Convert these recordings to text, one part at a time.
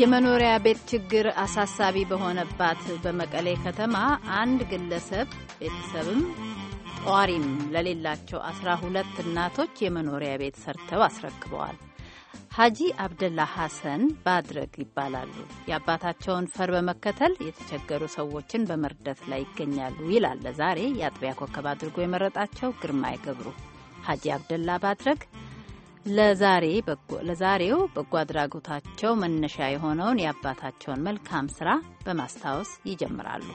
የመኖሪያ ቤት ችግር አሳሳቢ በሆነባት በመቀሌ ከተማ አንድ ግለሰብ ቤተሰብም ጧሪም ለሌላቸው አስራ ሁለት እናቶች የመኖሪያ ቤት ሰርተው አስረክበዋል። ሀጂ አብደላ ሐሰን ባድረግ ይባላሉ። የአባታቸውን ፈር በመከተል የተቸገሩ ሰዎችን በመርዳት ላይ ይገኛሉ ይላል ዛሬ የአጥቢያ ኮከብ አድርጎ የመረጣቸው ግርማይ ገብሩ። ሀጂ አብደላ ባድረግ ለዛሬ ለዛሬው በጎ አድራጎታቸው መነሻ የሆነውን የአባታቸውን መልካም ስራ በማስታወስ ይጀምራሉ።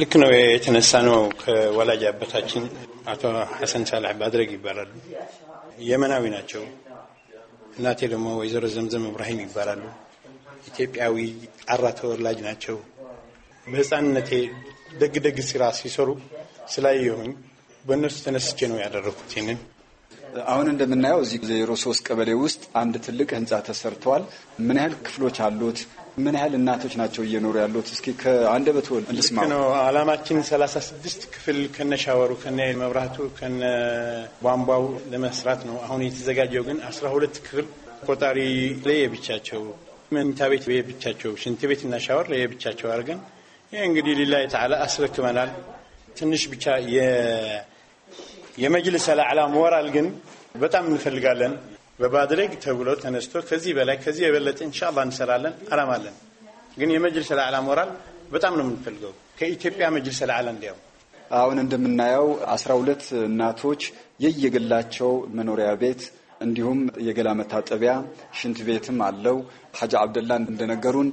ልክ ነው የተነሳ ነው ከወላጅ አባታችን አቶ ሐሰን ሳላህ ባድረግ ይባላሉ። የመናዊ ናቸው። እናቴ ደግሞ ወይዘሮ ዘምዘም እብራሂም ይባላሉ። ኢትዮጵያዊ አራ ተወላጅ ናቸው። በህፃንነቴ ደግ ደግ ስራ ሲሰሩ ስላየሁኝ በእነሱ ተነስቼ ነው ያደረኩት ይህንን አሁን እንደምናየው እዚህ ዜሮ ሶስት ቀበሌ ውስጥ አንድ ትልቅ ህንፃ ተሰርተዋል። ምን ያህል ክፍሎች አሉት? ምን ያህል እናቶች ናቸው እየኖሩ ያሉት? እስኪ ከአንደበት ልስማ ነው። አላማችን ሰላሳ ስድስት ክፍል ከነ ሻወሩ ከነ መብራቱ ከነ ቧንቧው ለመስራት ነው። አሁን የተዘጋጀው ግን አስራ ሁለት ክፍል ቆጣሪ ለየብቻቸው፣ መኝታ ቤት ለየብቻቸው፣ ሽንት ቤት እና ሻወር ለየብቻቸው አድርገን ይህ እንግዲህ ሊላ የተዓላ አስረክበናል። ትንሽ ብቻ የመጅልስ አላዕላ ሞራል ግን በጣም እንፈልጋለን። በማድረግ ተብሎ ተነስቶ ከዚህ በላይ ከዚህ የበለጠ እንሻላ እንሰራለን አላማለን። ግን የመጅልስ አላዕላ ሞራል በጣም ነው የምንፈልገው ከኢትዮጵያ መጅልስ አላዕላ እንዲያው አሁን እንደምናየው አስራ ሁለት እናቶች የየግላቸው መኖሪያ ቤት እንዲሁም የገላ መታጠቢያ ሽንት ቤትም አለው። ሐጂ አብደላ እንደነገሩን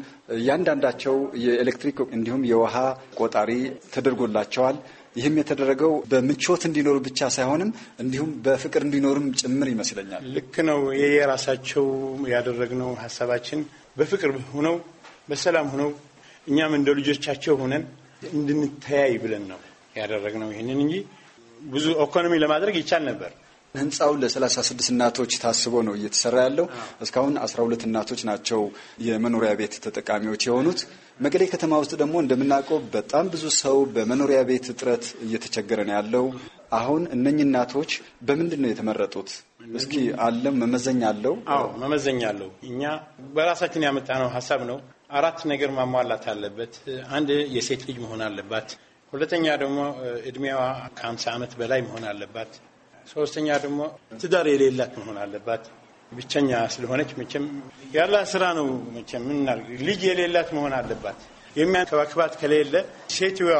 ያንዳንዳቸው የኤሌክትሪክ እንዲሁም የውሃ ቆጣሪ ተደርጎላቸዋል። ይህም የተደረገው በምቾት እንዲኖሩ ብቻ ሳይሆንም እንዲሁም በፍቅር እንዲኖሩም ጭምር ይመስለኛል። ልክ ነው። የራሳቸው ያደረግነው ሀሳባችን በፍቅር ሁነው በሰላም ሁነው እኛም እንደ ልጆቻቸው ሆነን እንድንተያይ ብለን ነው ያደረግነው ይህንን እንጂ ብዙ ኢኮኖሚ ለማድረግ ይቻል ነበር። ህንፃው ለ36 እናቶች ታስቦ ነው እየተሰራ ያለው። እስካሁን 12 እናቶች ናቸው የመኖሪያ ቤት ተጠቃሚዎች የሆኑት። መቀሌ ከተማ ውስጥ ደግሞ እንደምናውቀው በጣም ብዙ ሰው በመኖሪያ ቤት እጥረት እየተቸገረ ነው ያለው። አሁን እነኚህ እናቶች በምንድን ነው የተመረጡት? እስኪ አለም መመዘኛ አለው? አዎ መመዘኛ አለው። እኛ በራሳችን ያመጣነው ሀሳብ ነው። አራት ነገር ማሟላት አለበት። አንድ የሴት ልጅ መሆን አለባት። ሁለተኛ ደግሞ እድሜዋ ከሀምሳ ዓመት በላይ መሆን አለባት። ሶስተኛ ደግሞ ትዳር የሌላት መሆን አለባት። ብቸኛ ስለሆነች መቼም ያላ ስራ ነው። መቼም ምናርግ ልጅ የሌላት መሆን አለባት። የሚያንከባክባት ከሌለ ሴትዮዋ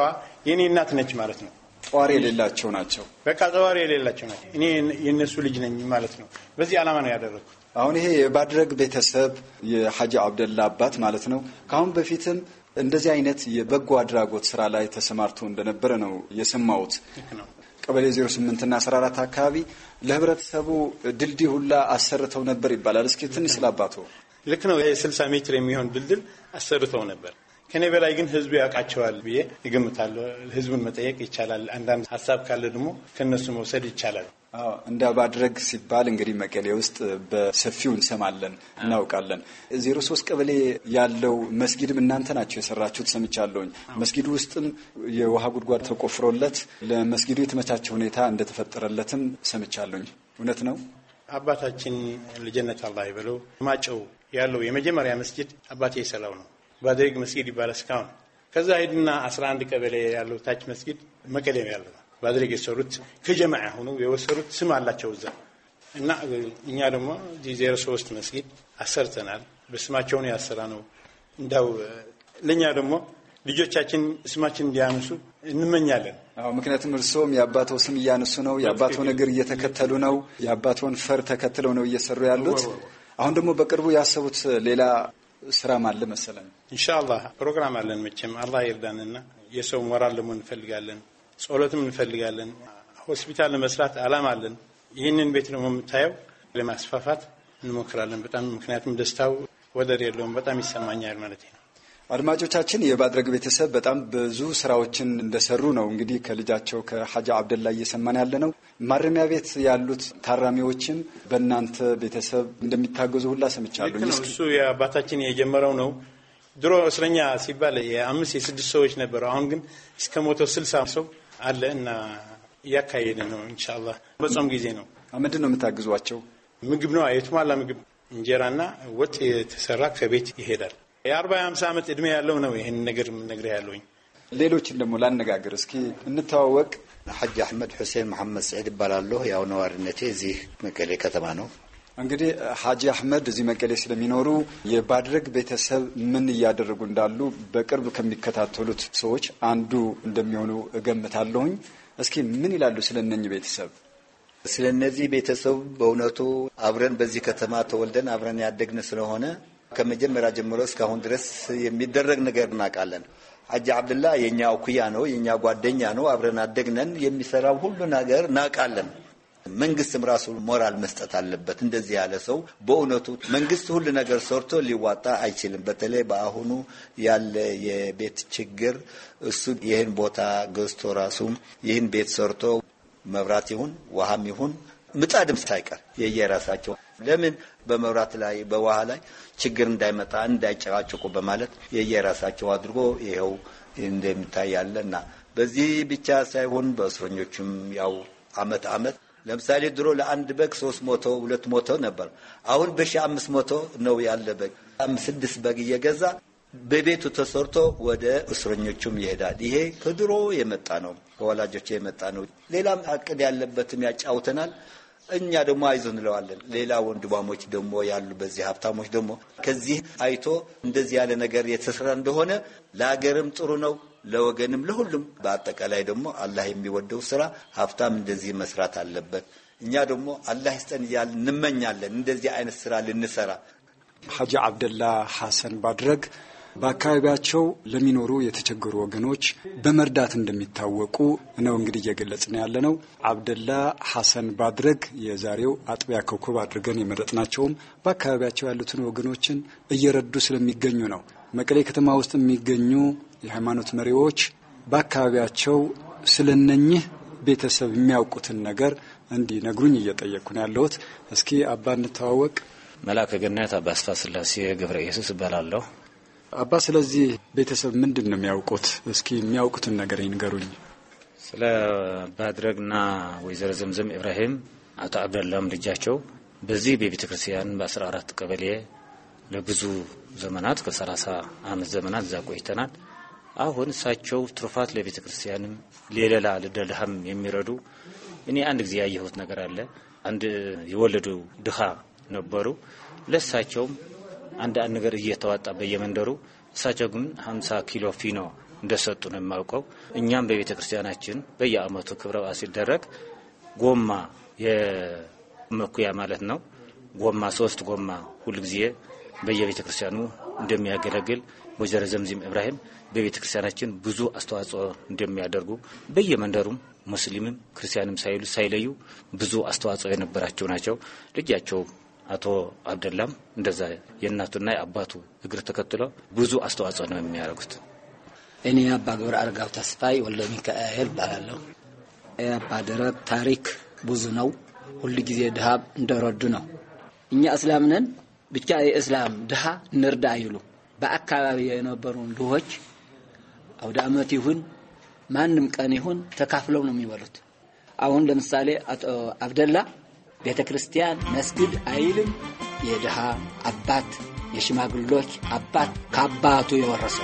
የኔ እናት ነች ማለት ነው። ጠዋሪ የሌላቸው ናቸው። በቃ ጠዋሪ የሌላቸው ናቸው። እኔ የእነሱ ልጅ ነኝ ማለት ነው። በዚህ ዓላማ ነው ያደረግኩት። አሁን ይሄ የባድረግ ቤተሰብ የሐጂ አብደላ አባት ማለት ነው ከአሁን በፊትም እንደዚህ አይነት የበጎ አድራጎት ስራ ላይ ተሰማርቶ እንደነበረ ነው የሰማሁት። ቀበሌ 08 እና 14 አካባቢ ለህብረተሰቡ ድልድይ ሁላ አሰርተው ነበር ይባላል። እስኪ ትንሽ ስላባቱ ልክ ነው። የ60 ሜትር የሚሆን ድልድል አሰርተው ነበር። ከኔ በላይ ግን ህዝቡ ያውቃቸዋል ብዬ ይገምታለሁ። ህዝቡን መጠየቅ ይቻላል። አንዳንድ ሀሳብ ካለ ደግሞ ከነሱ መውሰድ ይቻላል። እንደ ባድረግ ሲባል እንግዲህ መቀሌ ውስጥ በሰፊው እንሰማለን፣ እናውቃለን። ዜሮ ሶስት ቀበሌ ያለው መስጊድም እናንተ ናቸው የሰራችሁት ሰምቻለሁኝ። መስጊዱ ውስጥም የውሃ ጉድጓድ ተቆፍሮለት ለመስጊዱ የተመቻቸ ሁኔታ እንደተፈጠረለትም ሰምቻለሁኝ። እውነት ነው። አባታችን ልጀነት አላህ ይበለው ማጨው ያለው የመጀመሪያ መስጊድ አባቴ የሰራው ነው። ባደግ መስጊድ ይባላል እስካሁን። ከዛ ሄድና 11 ቀበሌ ያለው ታች መስጊድ መቀሌ ነው ያለው። ባደግ የሰሩት ከጀማዓ ሆኖ የወሰሩት ስም አላቸው እዛ እና እኛ ደግሞ ዜሮ ሶስት መስጊድ አሰርተናል። በስማቸው ነው ያሰራ ነው። እንዳው ለእኛ ደግሞ ልጆቻችን ስማችን እንዲያነሱ እንመኛለን። አዎ ምክንያቱም እርስዎም የአባቶ ስም እያነሱ ነው፣ የአባቶን እግር እየተከተሉ ነው፣ የአባቶን ፈር ተከትለው ነው እየሰሩ ያሉት። አሁን ደግሞ በቅርቡ ያሰቡት ሌላ ስራም አለ መሰለኝ። እንሻላ ፕሮግራም አለን። መቼም አላህ ይርዳንና የሰው ሞራል ደግሞ እንፈልጋለን፣ ጸሎትም እንፈልጋለን። ሆስፒታል ለመስራት አላማ አለን። ይህንን ቤት ደግሞ የምታየው ለማስፋፋት እንሞክራለን። በጣም ምክንያቱም ደስታው ወደር የለውም። በጣም ይሰማኛል ማለት ነው። አድማጮቻችን የባድረግ ቤተሰብ በጣም ብዙ ስራዎችን እንደሰሩ ነው እንግዲህ ከልጃቸው ከሐጃ አብደላ እየሰማን ያለ ነው። ማረሚያ ቤት ያሉት ታራሚዎችም በእናንተ ቤተሰብ እንደሚታገዙ ሁላ ሰምቻሉ። እሱ የአባታችን የጀመረው ነው። ድሮ እስረኛ ሲባል የአምስት የስድስት ሰዎች ነበሩ። አሁን ግን እስከ ሞቶ ስልሳ ሰው አለ እና እያካሄደ ነው። እንሻላ በጾም ጊዜ ነው። ምንድን ነው የምታግዟቸው? ምግብ ነው የተሟላ ምግብ እንጀራና ወጥ የተሰራ ከቤት ይሄዳል። የአርባ የሀምሳ ዓመት እድሜ ያለው ነው ይህን ነገር የምነግርህ ያለውኝ። ሌሎችን ደግሞ ላነጋግር እስኪ እንተዋወቅ። ሐጅ አሕመድ ሑሴን መሐመድ ስዒድ እባላለሁ። ያው ነዋሪነቴ እዚህ መቀሌ ከተማ ነው። እንግዲህ ሐጂ አሕመድ እዚህ መቀሌ ስለሚኖሩ የባድረግ ቤተሰብ ምን እያደረጉ እንዳሉ በቅርብ ከሚከታተሉት ሰዎች አንዱ እንደሚሆኑ እገምታለሁኝ። እስኪ ምን ይላሉ ስለ እነኚህ ቤተሰብ? ስለ እነዚህ ቤተሰብ በእውነቱ አብረን በዚህ ከተማ ተወልደን አብረን ያደግን ስለሆነ ከመጀመሪያ ጀምሮ እስካሁን ድረስ የሚደረግ ነገር እናውቃለን። ሀጂ አብድላ የእኛ እኩያ ነው፣ የእኛ ጓደኛ ነው፣ አብረን አደግነን። የሚሰራው ሁሉ ነገር እናውቃለን። መንግስትም ራሱ ሞራል መስጠት አለበት። እንደዚህ ያለ ሰው በእውነቱ መንግስት ሁሉ ነገር ሰርቶ ሊዋጣ አይችልም። በተለይ በአሁኑ ያለ የቤት ችግር እሱ ይህን ቦታ ገዝቶ ራሱ ይህን ቤት ሰርቶ መብራት ይሁን ውሃም ይሁን ምጣድም ሳይቀር የየራሳቸው ለምን በመብራት ላይ በውሃ ላይ ችግር እንዳይመጣ እንዳይጨቃጭቁ በማለት የየራሳቸው አድርጎ ይኸው እንደሚታይ ያለና በዚህ ብቻ ሳይሆን በእስረኞቹም ያው አመት አመት ለምሳሌ ድሮ ለአንድ በግ ሶስት መቶ ሁለት መቶ ነበር። አሁን በሺ አምስት መቶ ነው ያለ በግ ስድስት በግ እየገዛ በቤቱ ተሰርቶ ወደ እስረኞቹም ይሄዳል። ይሄ ከድሮ የመጣ ነው፣ ከወላጆች የመጣ ነው። ሌላም አቅድ ያለበትም ያጫውተናል። እኛ ደግሞ አይዞ እንለዋለን። ሌላ ወንድማሞች ደግሞ ያሉ በዚህ ሀብታሞች ደግሞ ከዚህ አይቶ እንደዚህ ያለ ነገር የተሰራ እንደሆነ ለሀገርም ጥሩ ነው ለወገንም ለሁሉም። በአጠቃላይ ደግሞ አላህ የሚወደው ስራ ሀብታም እንደዚህ መስራት አለበት። እኛ ደግሞ አላህ ይስጠን እያል እንመኛለን እንደዚህ አይነት ስራ ልንሰራ ሐጂ አብደላ ሐሰን ባድረግ በአካባቢያቸው ለሚኖሩ የተቸገሩ ወገኖች በመርዳት እንደሚታወቁ ነው እንግዲህ ነው ያለ ነው። አብደላ ሐሰን ባድረግ የዛሬው አጥቢያ ኮከብ አድርገን የመረጥ ናቸውም። በአካባቢያቸው ያሉትን ወገኖችን እየረዱ ስለሚገኙ ነው። መቀሌ ከተማ ውስጥ የሚገኙ የሃይማኖት መሪዎች በአካባቢያቸው ስለነኝህ ቤተሰብ የሚያውቁትን ነገር እንዲነግሩኝ እየጠየቅኩ ነው ያለሁት። እስኪ አባ እንተዋወቅ። መልአከ ገነት አባ አስፋ ስላሴ ገብረ ኢየሱስ እባላለሁ። አባ ስለዚህ ቤተሰብ ምንድን ነው የሚያውቁት? እስኪ የሚያውቁትን ነገር ይንገሩኝ። ስለ ባድረግና ወይዘሮ ዘምዘም ኢብራሂም አቶ አብደላም ልጃቸው በዚህ በቤተ ክርስቲያን በ14 ቀበሌ ለብዙ ዘመናት ከ30 አመት ዘመናት እዛ ቆይተናል። አሁን እሳቸው ትሩፋት ለቤተ ክርስቲያንም ሌለላ ልደልሃም የሚረዱ እኔ አንድ ጊዜ ያየሁት ነገር አለ። አንድ የወለዱ ድሃ ነበሩ። ለእሳቸውም አንዳንድ ነገር እየተዋጣ በየመንደሩ እሳቸው ግን ሀምሳ ኪሎ ፊኖ እንደሰጡ ነው የማውቀው። እኛም በቤተ ክርስቲያናችን በየአመቱ ክብረ በዓል ሲደረግ ጎማ የመኩያ ማለት ነው ጎማ ሶስት ጎማ ሁልጊዜ በየቤተ ክርስቲያኑ እንደሚያገለግል ወይዘሮ ዘምዚም ኢብራሂም በቤተ ክርስቲያናችን ብዙ አስተዋጽኦ እንደሚያደርጉ በየመንደሩም ሙስሊምም ክርስቲያንም ሳይሉ ሳይለዩ ብዙ አስተዋጽኦ የነበራቸው ናቸው። ልጃቸው አቶ አብደላም እንደዛ የእናቱና የአባቱ እግር ተከትሎ ብዙ አስተዋጽኦ ነው የሚያደርጉት። እኔ አባ ግብረ አርጋው ተስፋይ ወልደ ሚካኤል እባላለሁ። የአባ ደረት ታሪክ ብዙ ነው። ሁል ጊዜ ድሃ እንደረዱ ነው። እኛ እስላም ነን ብቻ የእስላም ድሃ እንርዳ አይሉ በአካባቢ የነበሩ ድሆች አውደ ዓመት ይሁን ማንም ቀን ይሁን ተካፍለው ነው የሚበሉት። አሁን ለምሳሌ አቶ አብደላ ቤተ ክርስቲያን፣ መስጊድ አይልም። የድሃ አባት፣ የሽማግሎች አባት ከአባቱ የወረሰ